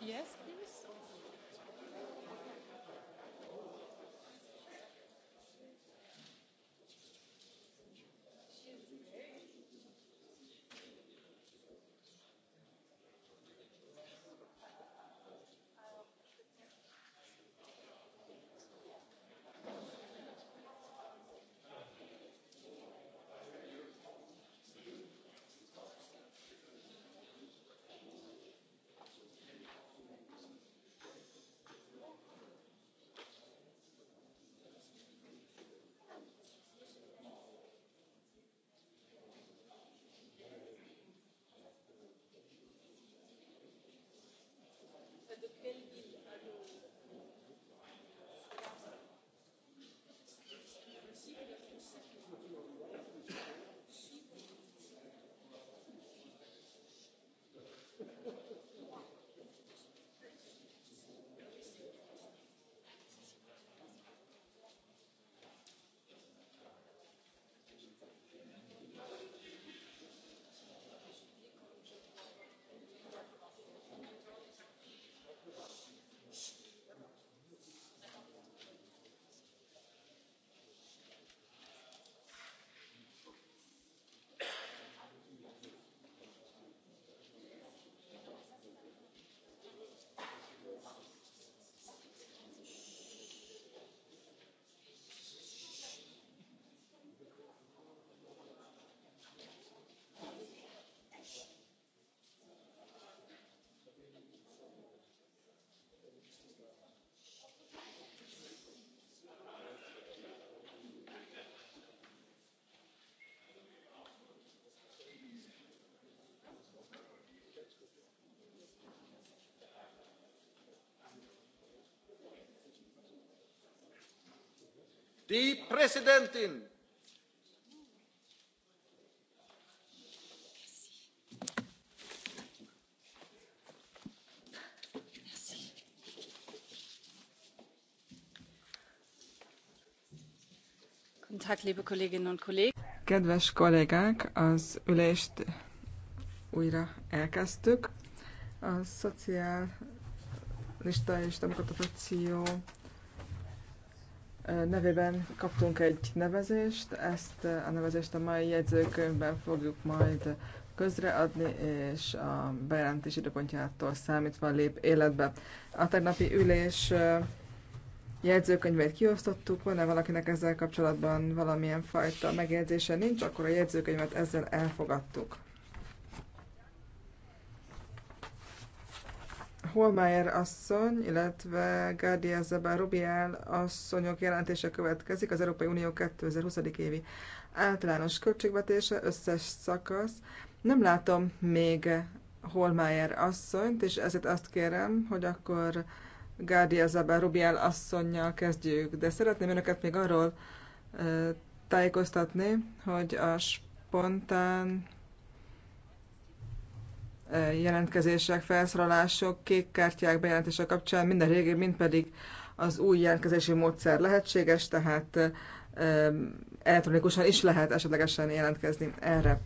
Yes die präsidentin! Kedves kollégák, az ülést újra elkezdtük. A szocialista és demokrata frakció nevében kaptunk egy nevezést, ezt eh, a nevezést a mai jegyzőkönyvben fogjuk majd közreadni, és a bejelentés időpontjától számítva lép életbe. A tegnapi ülés eh, jegyzőkönyvét kiosztottuk, van-e valakinek ezzel kapcsolatban valamilyen fajta megjegyzése nincs, akkor a jegyzőkönyvet ezzel elfogadtuk. Holmeier asszony, illetve Gárdia Zabá Rubiel asszonyok jelentése következik az Európai Unió 2020. évi általános költségvetése, összes szakasz. Nem látom még Holmeier asszonyt, és ezért azt kérem, hogy akkor Gárdia Zabá Rubiel asszonynal kezdjük. De szeretném önöket még arról tájékoztatni, hogy a spontán jelentkezések, felszólalások, kék kártyák bejelentése kapcsán mind a régi, mind pedig az új jelentkezési módszer lehetséges, tehát elektronikusan is lehet esetlegesen jelentkezni erre.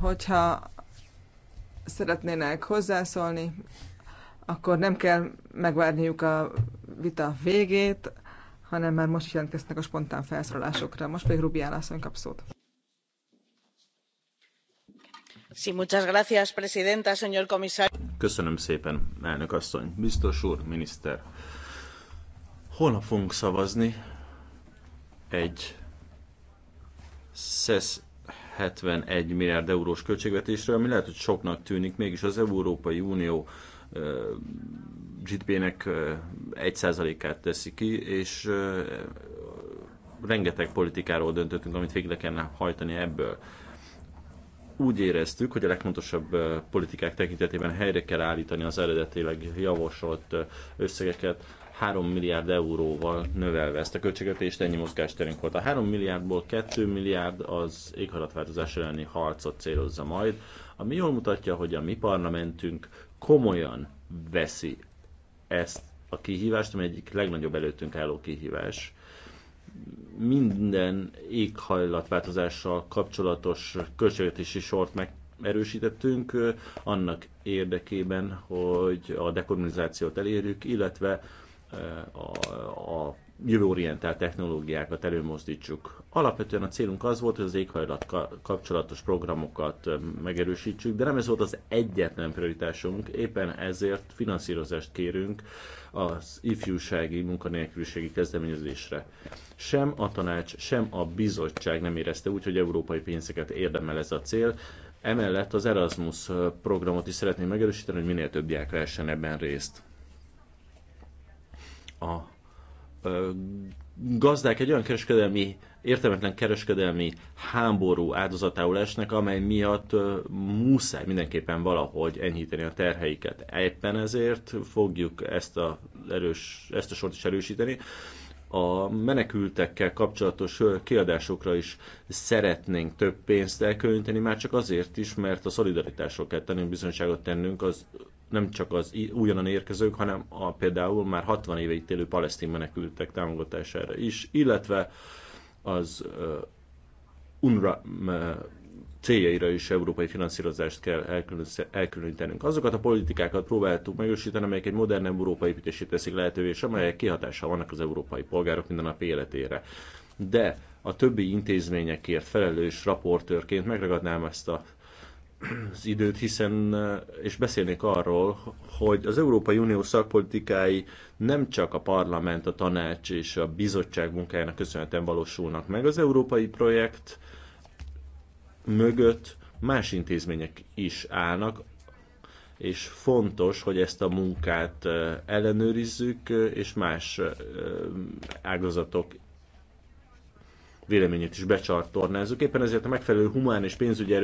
Hogyha szeretnének hozzászólni, akkor nem kell megvárniuk a vita végét, hanem már most jelentkeznek a spontán felszólalásokra. Most pedig Rubián asszony kap szót. Köszönöm szépen, elnök asszony, biztos úr, miniszter. Holnap fogunk szavazni egy SES 71 milliárd eurós költségvetésről, ami lehet, hogy soknak tűnik, mégis az Európai Unió GDP-nek 1 százalékát teszi ki, és rengeteg politikáról döntöttünk, amit végre kellene hajtani ebből úgy éreztük, hogy a legfontosabb politikák tekintetében helyre kell állítani az eredetileg javasolt összegeket, 3 milliárd euróval növelve ezt a és ennyi mozgásterünk volt. A 3 milliárdból 2 milliárd az éghajlatváltozás elleni harcot célozza majd, ami jól mutatja, hogy a mi parlamentünk komolyan veszi ezt a kihívást, ami egyik legnagyobb előttünk álló kihívás minden éghajlatváltozással kapcsolatos költségvetési sort meg erősítettünk annak érdekében, hogy a dekarbonizációt elérjük, illetve a, a jövőorientált technológiákat előmozdítsuk. Alapvetően a célunk az volt, hogy az éghajlat kapcsolatos programokat megerősítsük, de nem ez volt az egyetlen prioritásunk, éppen ezért finanszírozást kérünk az ifjúsági munkanélküliségi kezdeményezésre. Sem a tanács, sem a bizottság nem érezte úgy, hogy európai pénzeket érdemel ez a cél, Emellett az Erasmus programot is szeretném megerősíteni, hogy minél több diák lehessen ebben részt. A gazdák egy olyan kereskedelmi, értelmetlen kereskedelmi háború áldozatául esnek, amely miatt muszáj mindenképpen valahogy enyhíteni a terheiket. Éppen ezért fogjuk ezt a, erős, ezt a sort is erősíteni. A menekültekkel kapcsolatos kiadásokra is szeretnénk több pénzt elkölteni, már csak azért is, mert a szolidaritásról kell tennünk, bizonyságot tennünk az nem csak az újonnan érkezők, hanem a például már 60 éve itt élő palesztin menekültek támogatására is, illetve az UNRWA céljaira is európai finanszírozást kell elkülönítenünk. Azokat a politikákat próbáltuk megősíteni, amelyek egy modern európai építését teszik lehetővé, és amelyek kihatással vannak az európai polgárok minden nap életére. De a többi intézményekért felelős raportőrként megragadnám ezt a az időt, hiszen eh, és beszélnék arról, hogy az Európai Unió szakpolitikái nem csak a parlament, a tanács és a bizottság munkájának köszönhetően valósulnak meg. Az európai projekt mögött más intézmények is állnak, és fontos, hogy ezt a munkát eh, ellenőrizzük, eh, és más ágazatok véleményét is becsartornázzuk. Éppen ezért a megfelelő humán és pénzügyi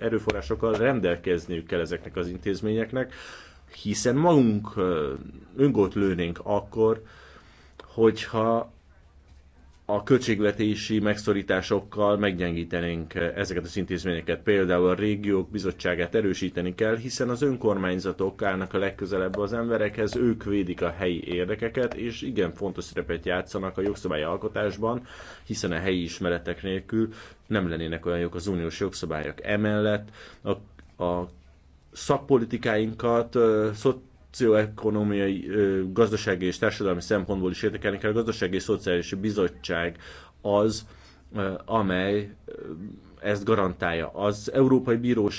erőforrásokkal rendelkezniük kell ezeknek az intézményeknek, hiszen magunk öngót lőnénk akkor, hogyha a költségvetési megszorításokkal meggyengítenénk ezeket az intézményeket. Például a régiók bizottságát erősíteni kell, hiszen az önkormányzatok állnak a legközelebb az emberekhez, ők védik a helyi érdekeket, és igen fontos szerepet játszanak a jogszabályalkotásban, hiszen a helyi ismeretek nélkül nem lennének olyan jók az uniós jogszabályok. Emellett a, a szakpolitikáinkat, szocioekonomiai, gazdasági és társadalmi szempontból is értékelni kell. A Gazdasági és Szociális Bizottság az, amely ezt garantálja. Az Európai Bíróság